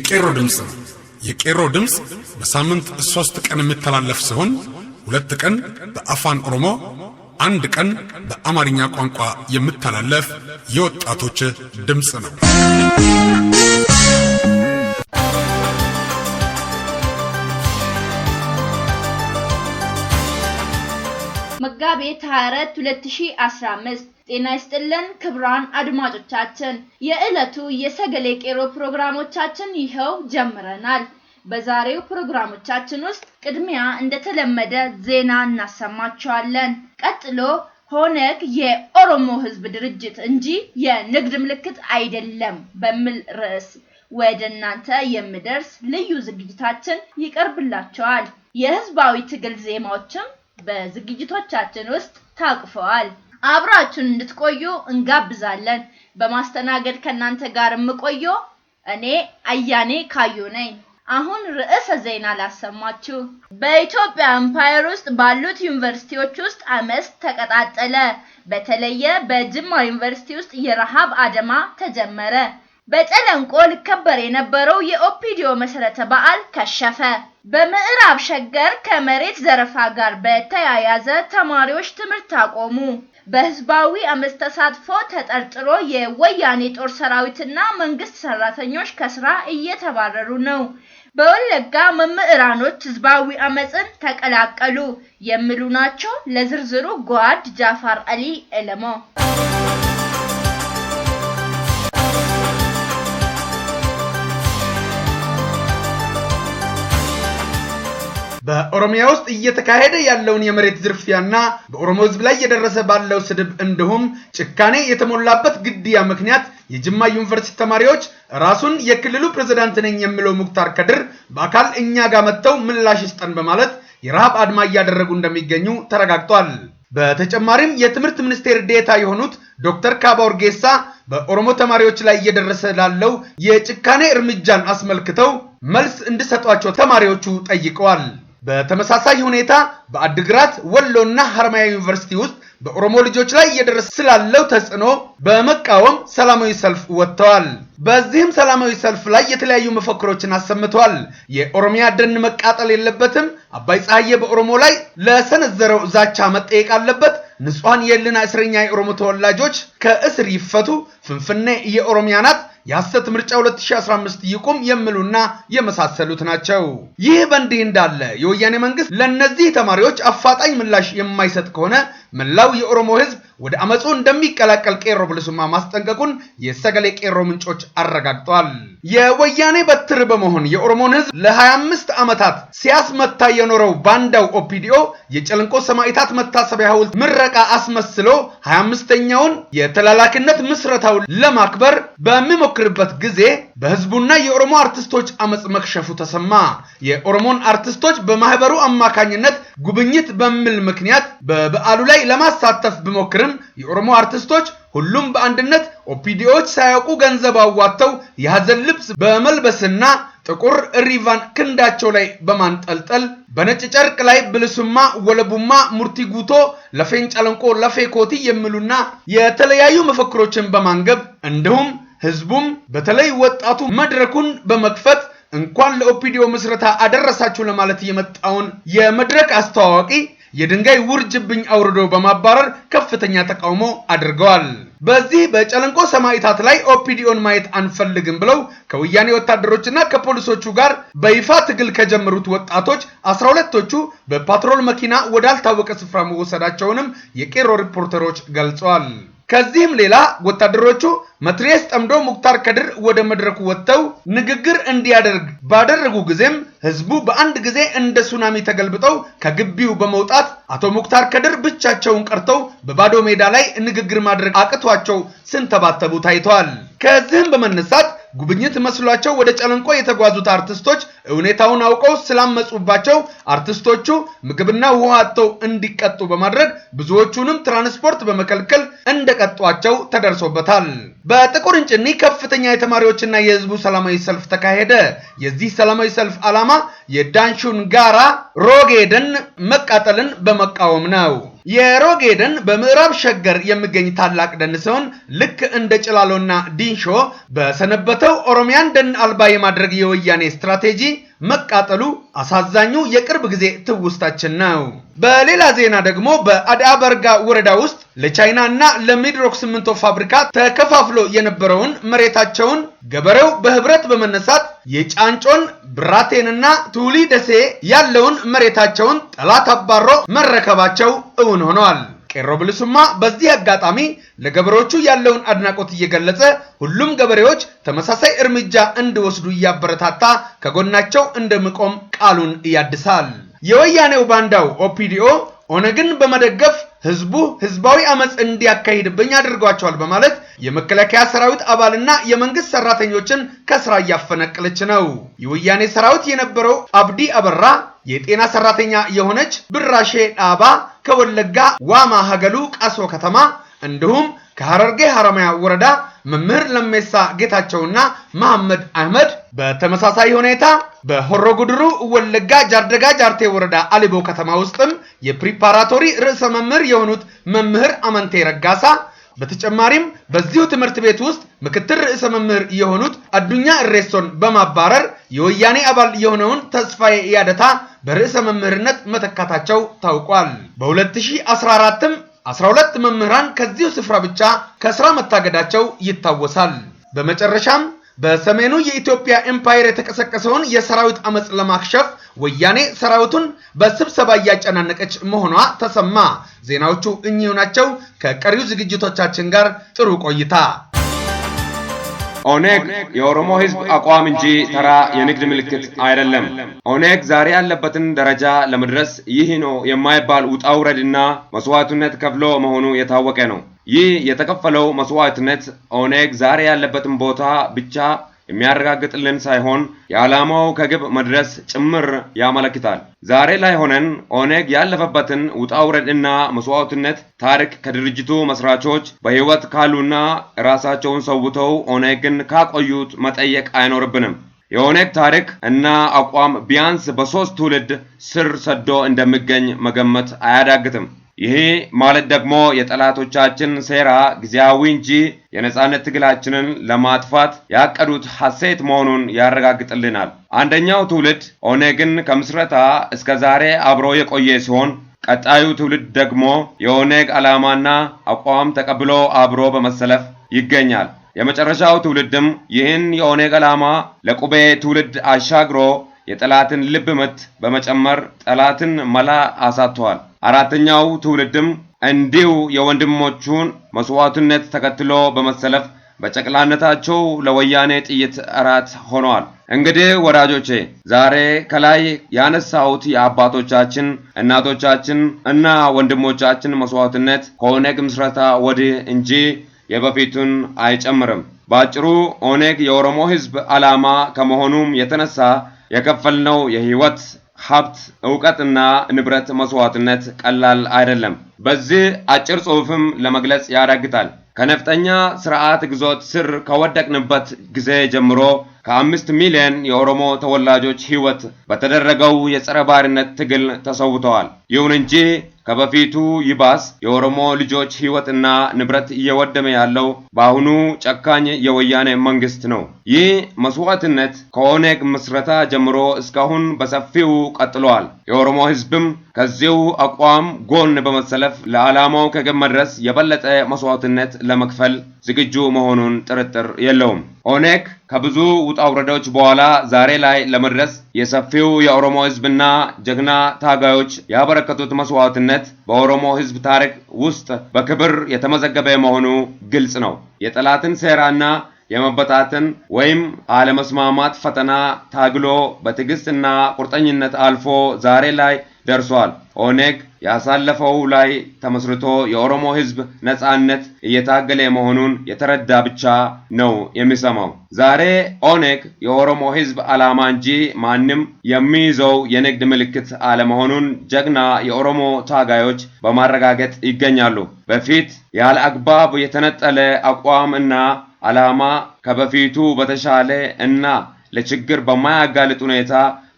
የቄሮ ድምፅ ነው። የቄሮ ድምፅ በሳምንት ሦስት ቀን የሚተላለፍ ሲሆን ሁለት ቀን በአፋን ኦሮሞ፣ አንድ ቀን በአማርኛ ቋንቋ የሚተላለፍ የወጣቶች ድምፅ ነው። መጋቢት 24 2015 ጤና ይስጥልን ክብራን አድማጮቻችን፣ የዕለቱ የሰገሌ ቄሮ ፕሮግራሞቻችን ይኸው ጀምረናል። በዛሬው ፕሮግራሞቻችን ውስጥ ቅድሚያ እንደተለመደ ዜና እናሰማቸዋለን። ቀጥሎ ሆነግ የኦሮሞ ሕዝብ ድርጅት እንጂ የንግድ ምልክት አይደለም በሚል ርዕስ ወደ እናንተ የሚደርስ ልዩ ዝግጅታችን ይቀርብላቸዋል። የህዝባዊ ትግል ዜማዎችም በዝግጅቶቻችን ውስጥ ታቅፈዋል። አብራችሁን እንድትቆዩ እንጋብዛለን። በማስተናገድ ከእናንተ ጋር የምቆየው እኔ አያኔ ካዩ ነኝ። አሁን ርዕሰ ዜና ላሰማችሁ። በኢትዮጵያ አምፓየር ውስጥ ባሉት ዩኒቨርሲቲዎች ውስጥ አመስ ተቀጣጠለ። በተለየ በጅማ ዩኒቨርሲቲ ውስጥ የረሃብ አድማ ተጀመረ። በጨለንቆ ሊከበር የነበረው የኦፒዲዮ መሰረተ በዓል ከሸፈ። በምዕራብ ሸገር ከመሬት ዘረፋ ጋር በተያያዘ ተማሪዎች ትምህርት አቆሙ። በህዝባዊ አመፅ ተሳትፎ ተጠርጥሮ የወያኔ ጦር ሰራዊትና መንግስት ሰራተኞች ከስራ እየተባረሩ ነው። በወለጋ መምህራኖች ህዝባዊ አመፅን ተቀላቀሉ የሚሉ ናቸው። ለዝርዝሩ ጓድ ጃፋር አሊ ኤለሞ በኦሮሚያ ውስጥ እየተካሄደ ያለውን የመሬት ዝርፊያና በኦሮሞ ሕዝብ ላይ እየደረሰ ባለው ስድብ እንዲሁም ጭካኔ የተሞላበት ግድያ ምክንያት የጅማ ዩኒቨርሲቲ ተማሪዎች ራሱን የክልሉ ፕሬዝዳንት ነኝ የሚለው ሙክታር ከድር በአካል እኛ ጋር መጥተው ምላሽ ይስጠን በማለት የረሃብ አድማ እያደረጉ እንደሚገኙ ተረጋግጧል። በተጨማሪም የትምህርት ሚኒስቴር ዴታ የሆኑት ዶክተር ካባ ኡርጌሳ በኦሮሞ ተማሪዎች ላይ እየደረሰ ላለው የጭካኔ እርምጃን አስመልክተው መልስ እንዲሰጧቸው ተማሪዎቹ ጠይቀዋል። በተመሳሳይ ሁኔታ በአድግራት ወሎና ሀርማያ ዩኒቨርሲቲ ውስጥ በኦሮሞ ልጆች ላይ እየደረሰ ስላለው ተጽዕኖ በመቃወም ሰላማዊ ሰልፍ ወጥተዋል። በዚህም ሰላማዊ ሰልፍ ላይ የተለያዩ መፈክሮችን አሰምተዋል። የኦሮሚያ ደን መቃጠል የለበትም፣ አባይ ፀሐዬ በኦሮሞ ላይ ለሰነዘረው ዛቻ መጠየቅ አለበት፣ ንጹሐን የልና እስረኛ የኦሮሞ ተወላጆች ከእስር ይፈቱ፣ ፍንፍኔ የኦሮሚያ ናት የሐሰት ምርጫ 2015 ይቁም የሚሉና የመሳሰሉት ናቸው። ይህ በእንዲህ እንዳለ የወያኔ መንግስት ለእነዚህ ተማሪዎች አፋጣኝ ምላሽ የማይሰጥ ከሆነ መላው የኦሮሞ ህዝብ ወደ አመፁ እንደሚቀላቀል ቄሮ ብልሱማ ማስጠንቀቁን የሰገሌ ቄሮ ምንጮች አረጋግጠዋል። የወያኔ በትር በመሆን የኦሮሞን ህዝብ ለ25 ዓመታት ሲያስመታ የኖረው ባንዳው ኦፒዲኦ የጨልንቆ ሰማዕታት መታሰቢያ ሐውልት ምረቃ አስመስሎ 25ኛውን የተላላክነት ምስረታውን ለማክበር በሚሞክርበት ጊዜ በህዝቡና የኦሮሞ አርቲስቶች አመፅ መክሸፉ ተሰማ። የኦሮሞን አርቲስቶች በማህበሩ አማካኝነት ጉብኝት በሚል ምክንያት በበዓሉ ላይ ለማሳተፍ ብሞክርም የኦሮሞ አርቲስቶች ሁሉም በአንድነት ኦፒዲዎች ሳያውቁ ገንዘብ አዋጥተው የሐዘን ልብስ በመልበስና ጥቁር ሪቫን ክንዳቸው ላይ በማንጠልጠል በነጭ ጨርቅ ላይ ብልሱማ፣ ወለቡማ፣ ሙርቲጉቶ፣ ለፌን ጨለንቆ፣ ለፌኮቲ የሚሉና የተለያዩ መፈክሮችን በማንገብ እንዲሁም ህዝቡም በተለይ ወጣቱ መድረኩን በመክፈት እንኳን ለኦፒዲዮ ምስረታ አደረሳችሁ ለማለት የመጣውን የመድረክ አስተዋዋቂ የድንጋይ ውርጅብኝ አውርዶ በማባረር ከፍተኛ ተቃውሞ አድርገዋል። በዚህ በጨለንቆ ሰማዕታት ላይ ኦፒዲዮን ማየት አንፈልግም ብለው ከወያኔ ወታደሮችና ከፖሊሶቹ ጋር በይፋ ትግል ከጀመሩት ወጣቶች አስራ ሁለቶቹ በፓትሮል መኪና ወዳልታወቀ ስፍራ መወሰዳቸውንም የቄሮ ሪፖርተሮች ገልጸዋል። ከዚህም ሌላ ወታደሮቹ መትሬስ ጠምዶ ሙክታር ከድር ወደ መድረኩ ወጥተው ንግግር እንዲያደርግ ባደረጉ ጊዜም ህዝቡ በአንድ ጊዜ እንደ ሱናሚ ተገልብጠው ከግቢው በመውጣት አቶ ሙክታር ከድር ብቻቸውን ቀርተው በባዶ ሜዳ ላይ ንግግር ማድረግ አቅቷቸው ስንተባተቡ ታይተዋል። ከዚህም በመነሳት ጉብኝት መስሏቸው ወደ ጨለንቆ የተጓዙት አርቲስቶች ሁኔታውን አውቀው ስላመጹባቸው አርቲስቶቹ ምግብና ውሃ አጥተው እንዲቀጡ በማድረግ ብዙዎቹንም ትራንስፖርት በመከልከል እንደቀጧቸው ተደርሶበታል። በጥቁር እንጭኒ ከፍተኛ የተማሪዎችና የህዝቡ ሰላማዊ ሰልፍ ተካሄደ። የዚህ ሰላማዊ ሰልፍ ዓላማ የዳንሹን ጋራ ሮጌደን መቃጠልን በመቃወም ነው። የሮጌ ደን በምዕራብ ሸገር የሚገኝ ታላቅ ደን ሲሆን ልክ እንደ ጭላሎና ዲንሾ በሰነበተው ኦሮሚያን ደን አልባ የማድረግ የወያኔ ስትራቴጂ መቃጠሉ አሳዛኙ የቅርብ ጊዜ ትውስታችን ነው። በሌላ ዜና ደግሞ በአድአ በርጋ ወረዳ ውስጥ ለቻይና እና ለሚድሮክ ሲሚንቶ ፋብሪካ ተከፋፍሎ የነበረውን መሬታቸውን ገበሬው በህብረት በመነሳት የጫንጮን ብራቴንና ቱሊ ደሴ ያለውን መሬታቸውን ጠላት አባሮ መረከባቸው እውን ሆነዋል። ቄሮ ብልሱማ በዚህ አጋጣሚ ለገበሬዎቹ ያለውን አድናቆት እየገለጸ ሁሉም ገበሬዎች ተመሳሳይ እርምጃ እንዲወስዱ እያበረታታ ከጎናቸው እንደምቆም ቃሉን ያድሳል። የወያኔው ባንዳው ኦፒዲኦ ኦነግን በመደገፍ ህዝቡ ህዝባዊ አመፅ እንዲያካሂድብኝ አድርጓቸዋል በማለት የመከላከያ ሰራዊት አባልና የመንግስት ሰራተኞችን ከስራ እያፈነቅለች ነው። የወያኔ ሰራዊት የነበረው አብዲ አበራ የጤና ሰራተኛ የሆነች ብራሼ ዳባ ከወለጋ ዋማ ሀገሉ ቃሶ ከተማ እንዲሁም ከሐረርጌ ሐረማያ ወረዳ መምህር ለሜሳ ጌታቸውና መሐመድ አህመድ በተመሳሳይ ሁኔታ በሆሮ ጉድሩ ወለጋ ጃርደጋ ጃርቴ ወረዳ አሊቦ ከተማ ውስጥም የፕሪፓራቶሪ ርዕሰ መምህር የሆኑት መምህር አመንቴ ረጋሳ በተጨማሪም በዚሁ ትምህርት ቤት ውስጥ ምክትል ርዕሰ መምህር የሆኑት አዱኛ እሬሶን በማባረር የወያኔ አባል የሆነውን ተስፋዬ ያደታ በርዕሰ መምህርነት መተካታቸው ታውቋል። በ2014ም 12 መምህራን ከዚሁ ስፍራ ብቻ ከስራ መታገዳቸው ይታወሳል። በመጨረሻም በሰሜኑ የኢትዮጵያ ኤምፓየር የተቀሰቀሰውን የሰራዊት አመፅ ለማክሸፍ ወያኔ ሰራዊቱን በስብሰባ እያጨናነቀች መሆኗ ተሰማ። ዜናዎቹ እኚሁ ናቸው። ከቀሪው ዝግጅቶቻችን ጋር ጥሩ ቆይታ። ኦኔግ የኦሮሞ ሕዝብ አቋም እንጂ ተራ የንግድ ምልክት አይደለም። ኦኔግ ዛሬ ያለበትን ደረጃ ለመድረስ ይህ ነው የማይባል ውጣ ውረድና መስዋዕትነት ከፍሎ መሆኑ የታወቀ ነው። ይህ የተከፈለው መስዋዕትነት ኦኔግ ዛሬ ያለበትን ቦታ ብቻ የሚያረጋግጥልን ሳይሆን የዓላማው ከግብ መድረስ ጭምር ያመለክታል። ዛሬ ላይ ሆነን ኦነግ ያለፈበትን ውጣ እና መስዋዕትነት ታሪክ ከድርጅቱ መስራቾች በሕይወት ካሉና ራሳቸውን ሰውተው ኦነግን ካቆዩት መጠየቅ አይኖርብንም። የኦነግ ታሪክ እና አቋም ቢያንስ በሶስት ትውልድ ስር ሰዶ እንደሚገኝ መገመት አያዳግትም። ይህ ማለት ደግሞ የጠላቶቻችን ሴራ ጊዜያዊ እንጂ የነጻነት ትግላችንን ለማጥፋት ያቀዱት ሐሴት መሆኑን ያረጋግጥልናል። አንደኛው ትውልድ ኦነግን ከምስረታ እስከ ዛሬ አብሮ የቆየ ሲሆን ቀጣዩ ትውልድ ደግሞ የኦነግ ዓላማና አቋም ተቀብሎ አብሮ በመሰለፍ ይገኛል። የመጨረሻው ትውልድም ይህን የኦነግ ዓላማ ለቁቤ ትውልድ አሻግሮ የጠላትን ልብ ምት በመጨመር ጠላትን መላ አሳጥቷል። አራተኛው ትውልድም እንዲሁ የወንድሞቹን መስዋዕትነት ተከትሎ በመሰለፍ በጨቅላነታቸው ለወያኔ ጥይት እራት ሆነዋል። እንግዲህ ወዳጆቼ ዛሬ ከላይ ያነሳሁት የአባቶቻችን እናቶቻችን እና ወንድሞቻችን መስዋዕትነት ከኦነግ ምስረታ ወዲህ እንጂ የበፊቱን አይጨምርም። በአጭሩ ኦነግ የኦሮሞ ሕዝብ ዓላማ ከመሆኑም የተነሳ የከፈልነው የህይወት ሀብት፣ እውቀትና ንብረት መስዋዕትነት ቀላል አይደለም። በዚህ አጭር ጽሑፍም ለመግለጽ ያዳግታል። ከነፍጠኛ ስርዓት ግዞት ስር ከወደቅንበት ጊዜ ጀምሮ ከአምስት ሚሊዮን የኦሮሞ ተወላጆች ሕይወት በተደረገው የጸረ ባርነት ትግል ተሰውተዋል። ይሁን እንጂ ከበፊቱ ይባስ የኦሮሞ ልጆች እና ንብረት እየወደመ ያለው በአሁኑ ጨካኝ የወያኔ መንግስት ነው። ይህ መስዋዕትነት ከኦነግ ምስረታ ጀምሮ እስካሁን በሰፊው ቀጥሏል። የኦሮሞ ሕዝብም ከዚሁ አቋም ጎን በመሰለፍ ለማሸነፍ ለዓላማው ከግብ መድረስ የበለጠ መስዋዕትነት ለመክፈል ዝግጁ መሆኑን ጥርጥር የለውም። ኦኔክ ከብዙ ውጣ ውረዶች በኋላ ዛሬ ላይ ለመድረስ የሰፊው የኦሮሞ ሕዝብና ጀግና ታጋዮች ያበረከቱት መስዋዕትነት በኦሮሞ ሕዝብ ታሪክ ውስጥ በክብር የተመዘገበ መሆኑ ግልጽ ነው። የጠላትን ሴራና የመበታትን ወይም አለመስማማት ፈተና ታግሎ በትዕግስትና ቁርጠኝነት አልፎ ዛሬ ላይ ደርሷል። ኦኔግ ያሳለፈው ላይ ተመስርቶ የኦሮሞ ህዝብ ነጻነት እየታገለ መሆኑን የተረዳ ብቻ ነው የሚሰማው። ዛሬ ኦነግ የኦሮሞ ህዝብ ዓላማ እንጂ ማንም የሚይዘው የንግድ ምልክት አለመሆኑን ጀግና የኦሮሞ ታጋዮች በማረጋገጥ ይገኛሉ። በፊት ያለ አግባብ የተነጠለ አቋም እና ዓላማ ከበፊቱ በተሻለ እና ለችግር በማያጋልጥ ሁኔታ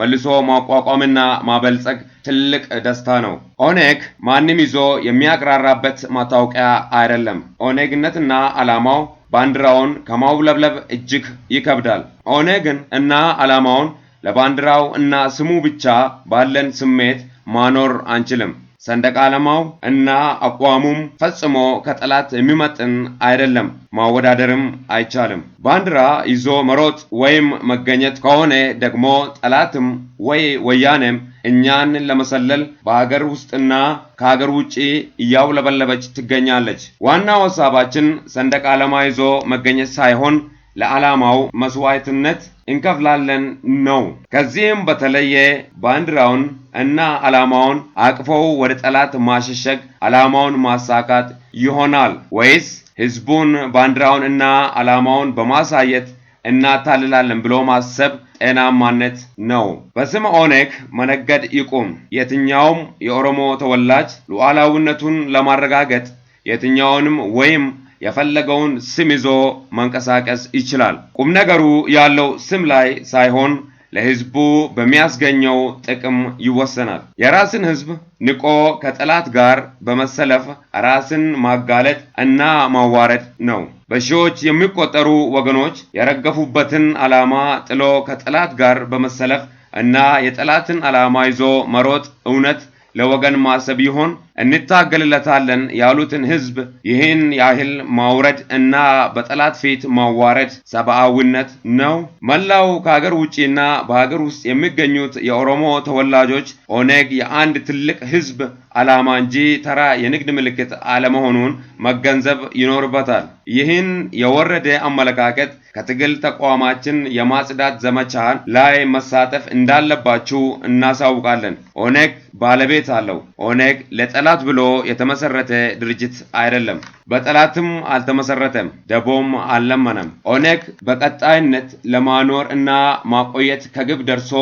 መልሶ ማቋቋምና ማበልጸግ ትልቅ ደስታ ነው። ኦኔግ ማንም ይዞ የሚያቅራራበት ማታወቂያ አይደለም። ኦኔግነትና ዓላማው ባንዲራውን ከማውለብለብ እጅግ ይከብዳል። ኦኔግን እና ዓላማውን ለባንዲራው እና ስሙ ብቻ ባለን ስሜት ማኖር አንችልም። ሰንደቅ ዓላማው እና አቋሙም ፈጽሞ ከጠላት የሚመጥን አይደለም፣ ማወዳደርም አይቻልም። ባንዲራ ይዞ መሮጥ ወይም መገኘት ከሆነ ደግሞ ጠላትም ወይ ወያኔም እኛን ለመሰለል በሀገር ውስጥና ከሀገር ውጭ እያውለበለበች ትገኛለች። ዋናው ሀሳባችን ሰንደቅ ዓላማ ይዞ መገኘት ሳይሆን ለዓላማው መስዋዕትነት እንከፍላለን ነው። ከዚህም በተለየ ባንዲራውን እና ዓላማውን አቅፈው ወደ ጠላት ማሸሸግ ዓላማውን ማሳካት ይሆናል ወይስ ህዝቡን ባንዲራውን እና ዓላማውን በማሳየት እናታልላለን ብሎ ማሰብ ጤናማነት ነው። በስም ኦነግ መነገድ ይቁም። የትኛውም የኦሮሞ ተወላጅ ሉዓላዊነቱን ለማረጋገጥ የትኛውንም ወይም የፈለገውን ስም ይዞ መንቀሳቀስ ይችላል። ቁም ነገሩ ያለው ስም ላይ ሳይሆን ለህዝቡ በሚያስገኘው ጥቅም ይወሰናል። የራስን ህዝብ ንቆ ከጠላት ጋር በመሰለፍ ራስን ማጋለጥ እና ማዋረድ ነው። በሺዎች የሚቆጠሩ ወገኖች የረገፉበትን ዓላማ ጥሎ ከጠላት ጋር በመሰለፍ እና የጠላትን ዓላማ ይዞ መሮጥ እውነት ለወገን ማሰብ ይሆን? እንታገልለታለን ያሉትን ህዝብ ይህን ያህል ማውረድ እና በጠላት ፊት ማዋረድ ሰብአዊነት ነው? መላው ከሀገር ውጭና በሀገር ውስጥ የሚገኙት የኦሮሞ ተወላጆች ኦነግ የአንድ ትልቅ ህዝብ ዓላማ እንጂ ተራ የንግድ ምልክት አለመሆኑን መገንዘብ ይኖርበታል። ይህን የወረደ አመለካከት ከትግል ተቋማችን የማጽዳት ዘመቻ ላይ መሳተፍ እንዳለባችሁ እናሳውቃለን። ኦነግ ባለቤት አለው። ኦነግ ለጠላ ለጠላት ብሎ የተመሰረተ ድርጅት አይደለም። በጠላትም አልተመሰረተም፣ ደቦም አልለመነም። ኦነግ በቀጣይነት ለማኖር እና ማቆየት ከግብ ደርሶ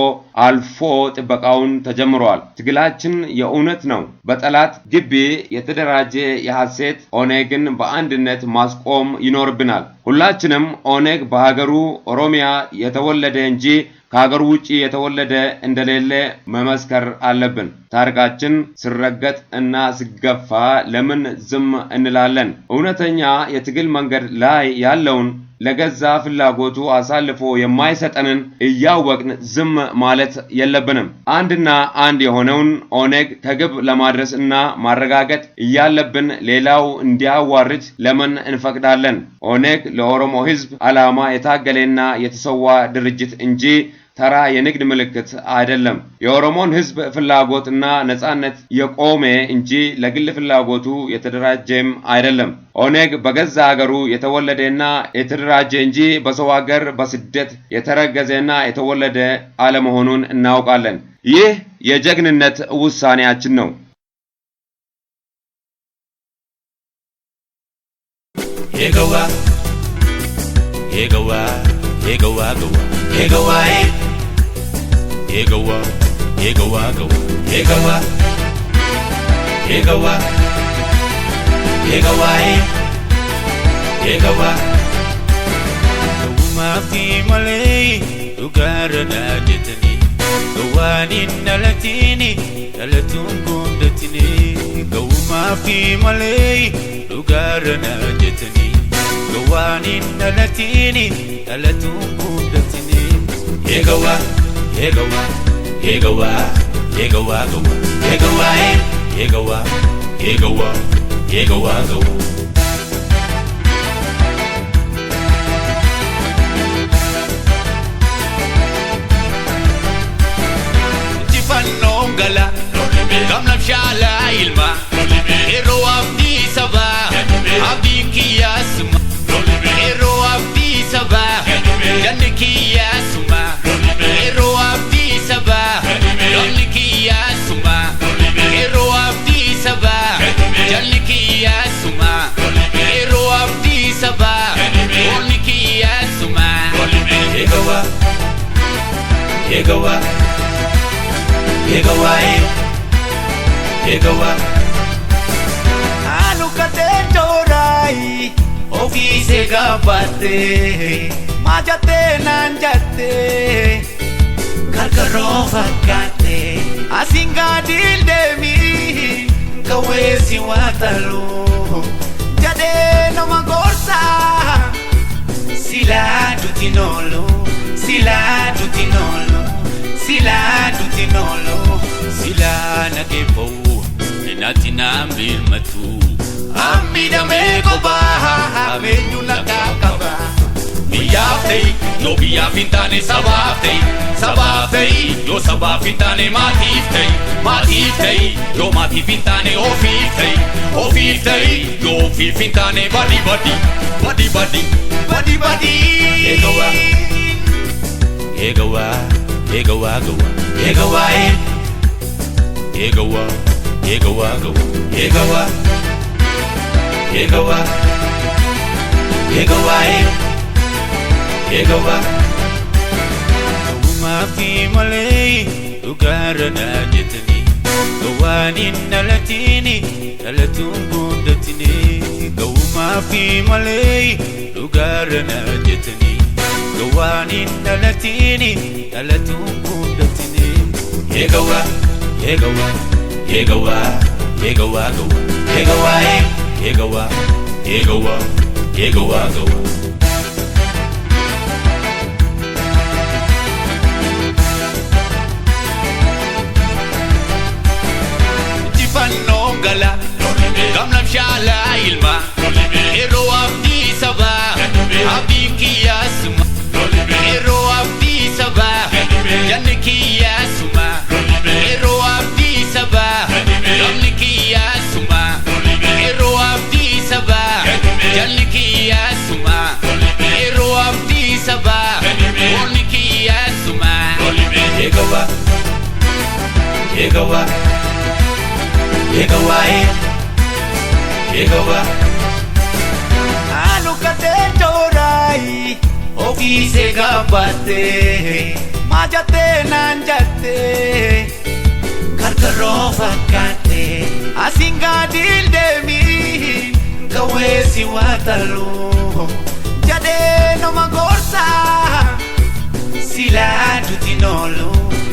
አልፎ ጥበቃውን ተጀምሯል። ትግላችን የእውነት ነው። በጠላት ግቢ የተደራጀ የሐሴት ኦነግን በአንድነት ማስቆም ይኖርብናል። ሁላችንም ኦነግ በሀገሩ ኦሮሚያ የተወለደ እንጂ ከሀገር ውጭ የተወለደ እንደሌለ መመስከር አለብን። ታሪካችን ሲረገጥ እና ሲገፋ ለምን ዝም እንላለን? እውነተኛ የትግል መንገድ ላይ ያለውን ለገዛ ፍላጎቱ አሳልፎ የማይሰጠንን እያወቅን ዝም ማለት የለብንም። አንድና አንድ የሆነውን ኦነግ ከግብ ለማድረስ እና ማረጋገጥ እያለብን ሌላው እንዲያዋርድ ለምን እንፈቅዳለን? ኦነግ ለኦሮሞ ሕዝብ ዓላማ የታገለና የተሰዋ ድርጅት እንጂ ተራ የንግድ ምልክት አይደለም። የኦሮሞን ሕዝብ እና ነጻነት የቆመ እንጂ ለግል ፍላጎቱ የተደራጀም አይደለም። ኦኔግ በገዛ ሀገሩ የተወለደና የተደራጀ እንጂ በሰው ሀገር በስደት የተረገዘና የተወለደ አለመሆኑን እናውቃለን። ይህ የጀግንነት ውሳኔያችን ነው። የገዋ የገዋ የገዋ ገዋ Yegowa, Yegowa, Yegowa, go, Yegowa, Yegowa, Yegowa, Yegowa. Maki malay, ugara na jitani. Gawani na latini, dalatun kundatini. Gawma fi malay, ugara na jitani. Gawani na latini, dalatun kundatini. Yegowa, Yegowa, Yegowa, Yegowa, eh. Yegowa, Yegowa, Yegowa, Yegowa, Yegowa, Yegowa, Yegowa Yegowa eh. Yegowa আনুকাতে চোরাই অফিসে গাবাতে মাজাতে নাঞ্জাতে কারকারো vakate. Asinga দিল দেমি kawesi watalo jade no magorsa sila tutinolo sila tutinolo sila nutinolo sila nakepo ninatinambil matu amida mekobaha amenyu nakakaba fei, yo fei, sabaftei Sabaftei, yo sabafintane matiftei Matiftei, yo matifintane ofiftei Ofiftei, yo ofifintane badi badi Badi badi, badi badi Egawa, egawa Egoa, goa, egoa, egoa, egoa, goa, egoa, egoa, egoa, egoa. Umaki malay, ugarana jitni. Gawanin nalatini, nalatum bundatini. Umaki malay, na Jetani. gawaanin d a l a t i n i d h a l a t u n g kun d a f t i n i e n y e gawaa yee gawaa yee gawaa yee gawaa gawaa yee gawaa yee gawaa yee gawaa yee gawaa g a w a Yegowa, ¿Qué Yegowa, Alucate te chorai, O se gabate, te, nanjate, karkaro fakate, asinga dil de mi, guatalo Ya jade no magorsa. si là giutinolo,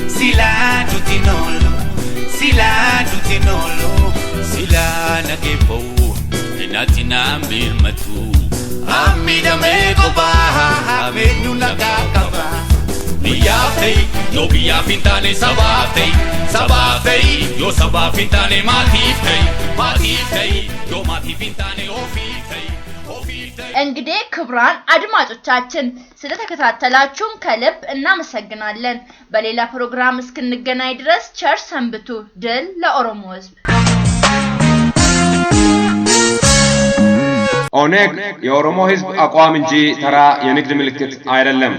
si là giutinolo, si là giutinolo, si là na che paura, e nati na mi matu. Ammi da me coba, ave nulla cacava. Niatei, no bia fintane sabatei, sabatei, io sabatei fintane matitei, matitei, io mati fintane ofi. Oh, እንግዲህ ክቡራን አድማጮቻችን ስለተከታተላችሁን ከልብ እናመሰግናለን። በሌላ ፕሮግራም እስክንገናኝ ድረስ ቸር ሰንብቱ። ድል ለኦሮሞ ሕዝብ። ኦነግ የኦሮሞ ሕዝብ አቋም እንጂ ተራ የንግድ ምልክት አይደለም።